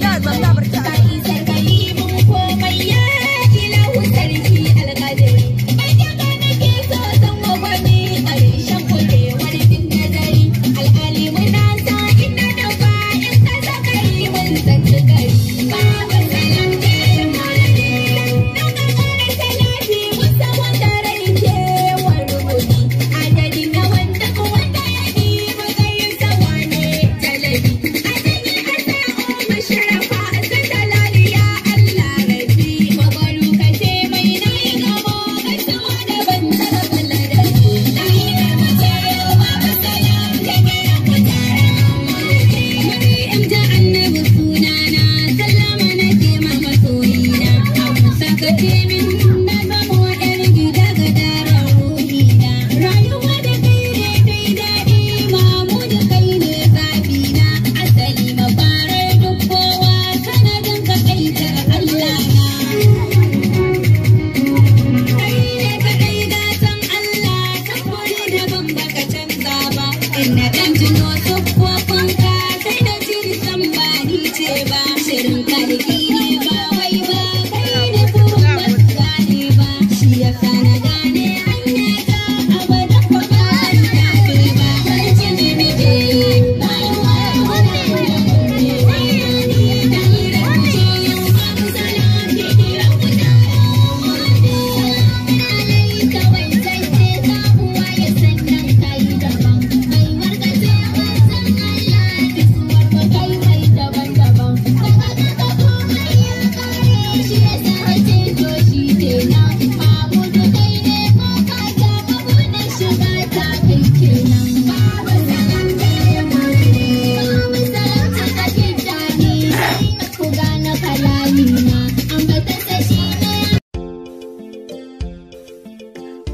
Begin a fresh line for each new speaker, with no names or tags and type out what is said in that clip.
Yeah. Acredite